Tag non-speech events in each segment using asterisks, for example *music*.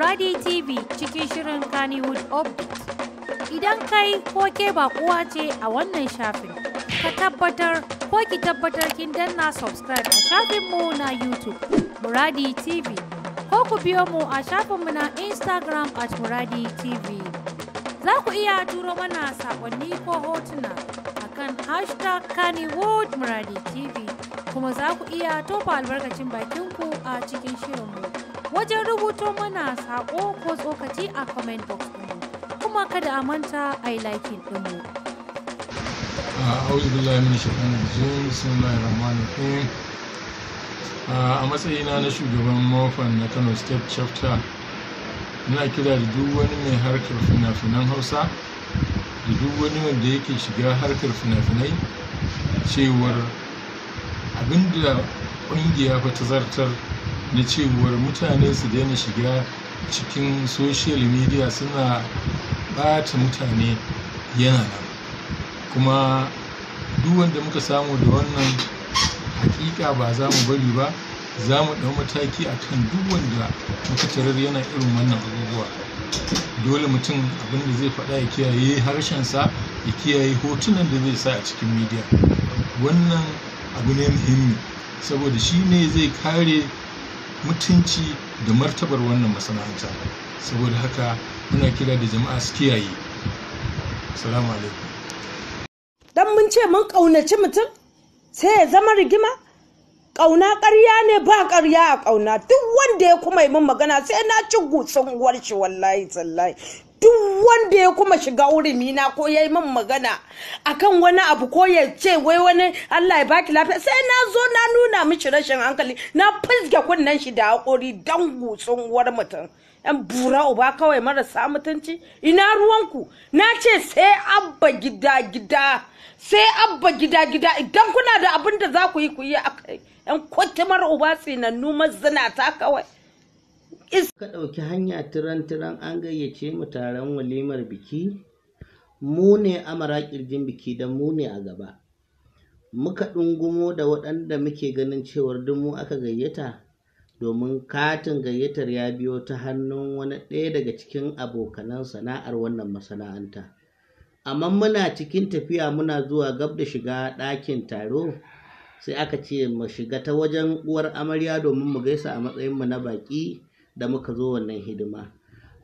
Muradi TV cikin shirin Kannywood Update. Idan kai ko ke bakuwa ce a wannan shafin, ka tabbatar ko ki tabbatar kin danna subscribe a shafinmu na YouTube Muradi TV. Ko ku biyo mu a shafinmu na Instagram at Muradi TV. Za ku iya turo mana saƙonni ko hotuna a kan hashtag Kannywood Muradi TV. Kuma za ku iya tofa albarkacin bakinku a cikin shirinmu. wajen rubuto mana sako ko tsokaci a comment box ɗinmu kuma kada a manta a yi like ɗinmu. a'udhu billahi min rajim rahim a matsayina na shugaban mafan na Kano State chapter ina kira da duk wani mai harkar fina-finan Hausa da duk wani wanda yake shiga harkar fina-finai cewar abinda ƙungiya fa ta zartar na cewar mutane su daina shiga cikin social media suna ɓata mutane yana nan kuma duk wanda muka samu da wannan hakika ba za mu bari ba za mu ɗau mataki a kan duk wanda muka tarar yana irin wannan abubuwa dole mutum abin zai faɗa ya kiyaye harshensa ya kiyaye hotunan da zai sa a cikin midiya wannan abu ne muhimmi saboda shi ne zai kare mutunci da martabar wannan masana'anta saboda haka muna kira da jama'a su kiyaye salamu alaikum dan mun ce mun ƙaunaci mutum sai ya zama rigima ƙauna ƙarya ne ba ƙarya a ƙauna duk wanda ya kuma yi min magana sai na ci gutsun uwar wallahi tallahi duk wanda ya kuma shiga wurin na ko ya yi min magana akan wani abu ko ya ce wai wani Allah ya baki lafiya sai na zo na nuna mishi rashin hankali na fizge kunnen shi da haƙori don gutsun uwar mutum yan bura uba kawai marasa mutunci ina ruwanku na ce sai abba gida gida sai abba gida gida idan kuna da abin da za ku yi ku yi kai yan kwatimar uba tsinannu mazinata kawai is ka ɗauki hanya tiran-tiran an gayyace mu taron walimar biki mu ne amara kirjin biki da mu ne a gaba muka ɗungumo da waɗanda muke ganin cewar duk mu aka gayyata domin katin gayyatar ya biyo ta hannun wani ɗaya daga cikin abokanan sana'ar wannan masana'anta amma muna cikin tafiya muna zuwa gab da shiga ɗakin taro sai aka ce mu shiga ta wajen uwar amarya domin mu gaisa a matsayinmu na baƙi da muka zo wannan hidima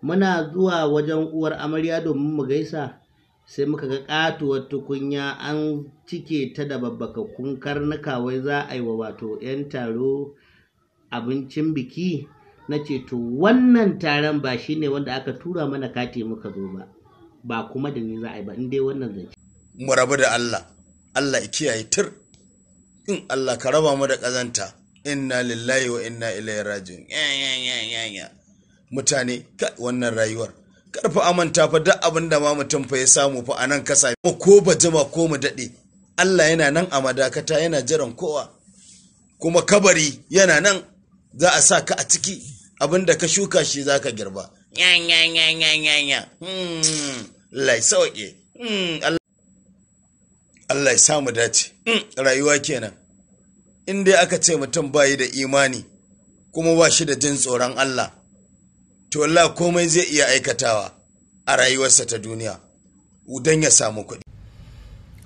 muna zuwa wajen uwar amarya domin mu gaisa sai muka ga katuwar tukunya an cike ta da babbakakkun karnuka wai za a yi wa wato 'yan taro abincin biki na ce to wannan taron ba shi ne wanda aka tura mana kati muka zo ba ba kuma da ni za a yi ba in dai wannan zance. mu rabu da Allah Allah ya kiyaye tir in Allah ka raba mu da ƙazanta inna lillahi wa inna ilaihi raji'un mutane wannan rayuwar karfa amanta fa duk abin da ma mutum fa ya samu fa anan ka sami ko ba jima ko mu dade Allah yana nan a madakata yana jiran kowa kuma kabari yana nan za a sa ka a ciki abin ka shuka shi za ka girba hmm, Allah ya sauke hmm, Allah ya samu dace hmm, rayuwa kenan in dai aka ce mutum bayi da imani kuma ba shi da jin tsoron Allah to Allah komai zai iya aikatawa a rayuwarsa ta duniya udan ya samu kuɗi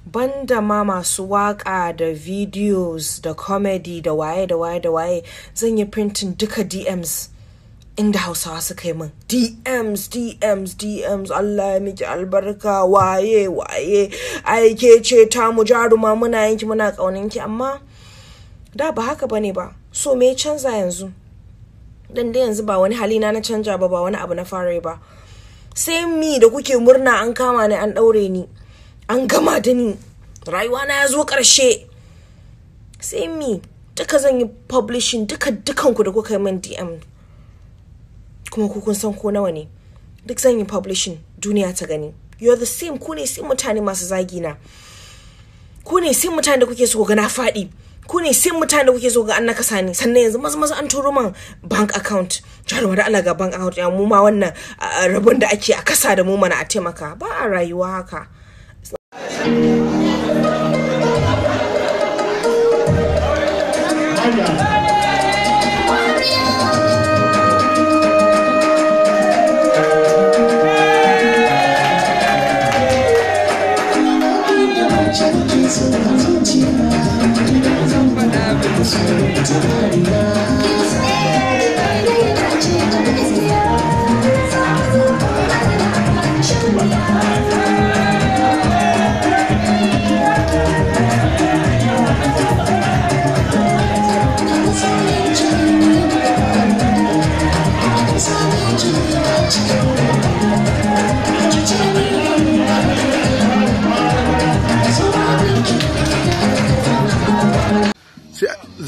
banda ma masu waƙa da videos da comedy da waye da waye da waye zan yi printing duka dms inda hausawa suka yi min dms dms dms allah ya miki albarka waye waye aike ce ta mu jaruma muna yanki muna ki amma da ba haka ba ne ba so me canza yanzu dan da yanzu ba wani halina na canja ba ba wani abu na fara ba sai mi da kuke murna an kama ni an daure ni an gama da ni rayuwa na ya zo ƙarshe sai mi duka zan yi publishing duka dukanku da kuka yi min dm kuma ku kun san ko nawa ne duk zan yi publishing duniya ta gani You are the same ku ne sai mutane masu zagina. ku ne sai mutane da kuke so ga na faɗi ku ne sai mutane kuke so ga an nakasa ne sannan yanzu maza maza an turo man bank account jarumar da Allah ga bank account ya ma wannan rabon da ake a kasa da mu mana a taimaka ba a rayuwa haka Thank you. time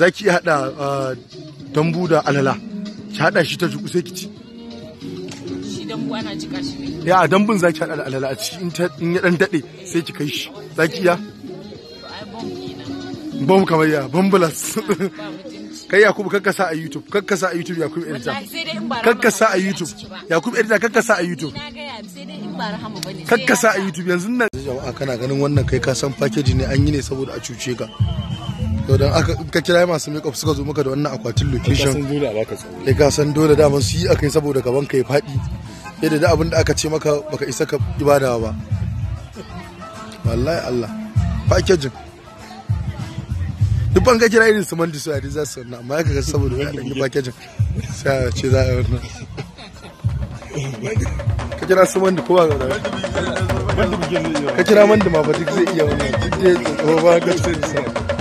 za ki iya haɗa ah, dambu da alala ki haɗa shi ta juku sai ki ci shi dambu ana jika shi ne ya a dambun za ki haɗa da alala a ciki in ya ɗan daɗe sai ki kai shi za ki iya bom kamar ya bombulas *laughs* kai yakubu kakka sa a youtube kakka sa a youtube yakubu edita kakka sa a youtube yakubu edita kakka sa a youtube kakka sa a youtube yanzu nan jama'a kana ganin wannan kai ka san package ne an yi ne saboda a cuce ka to dan aka ka kira masu makeup suka zo maka da wannan akwatin location san dole a baka tsoro eh ka san dole da su yi akai saboda gaban ka ya fadi yadda da abin da aka ce maka baka isa ka ibada ba wallahi Allah packaging duk ban ka kira irin su mandi su a za su wannan amma ya kaga saboda wannan yi packaging sai a ce za a wannan ka kira su mandi kowa ga ka kira mandi ma ba duk zai iya wannan duk da ba ga sai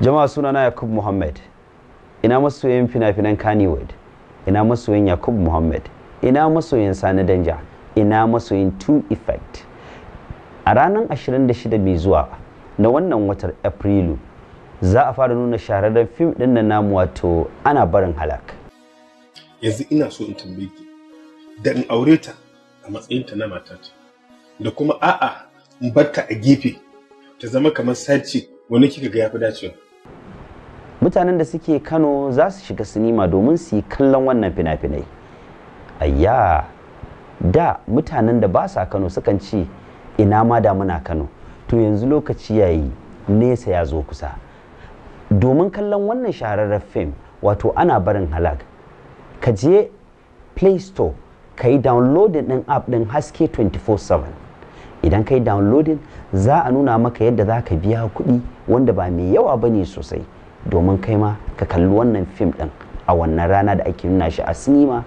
jama'a suna na yakub muhammad ina masoyin fina-finan kaniwood ina masoyin yakub muhammad ina masoyin sani danja ina masoyin two effect a ranar 26 mai zuwa na wannan watan afrilu za a fara nuna shahararren fim din na namu wato ana barin halak yanzu ina so in tambaye da in aure ta a matsayin ta na matata da kuma a'a in barta a gefe ta zama kamar sarci wani kika ga yafi dacewa mutanen da suke kano za su shiga sinima domin su yi kallon wannan fina-finai ayya da mutanen da ba sa kano sukan ce ina ma da muna kano to yanzu lokaci yayi nesa ya zo kusa domin kallon wannan shahararren fim wato ana barin halag ka je play store ka yi downloading din app din haske 24/7 idan ka yi downloading za a nuna maka yadda za ka biya kuɗi wanda ba mai yawa ba ne sosai domin kai ma ka kalli wannan fim ɗin a wannan rana da ake nuna shi a sinima